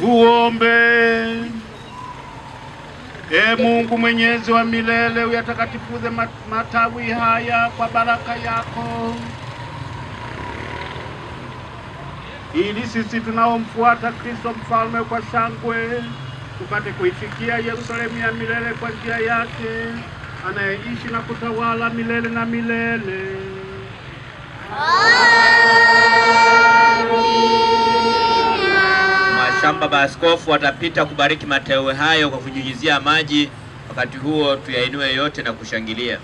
Tuombe. E Mungu mwenyezi wa milele, uyatakatifuze matawi haya kwa baraka yako, ili sisi tunaomfuata Kristo mfalme kwa shangwe tupate kuifikia Yerusalemu ya milele kwa njia yake, anayeishi na kutawala milele na milele. kama baba askofu watapita kubariki matewe hayo kwa kunyunyizia maji, wakati huo tuyainue yote na kushangilia.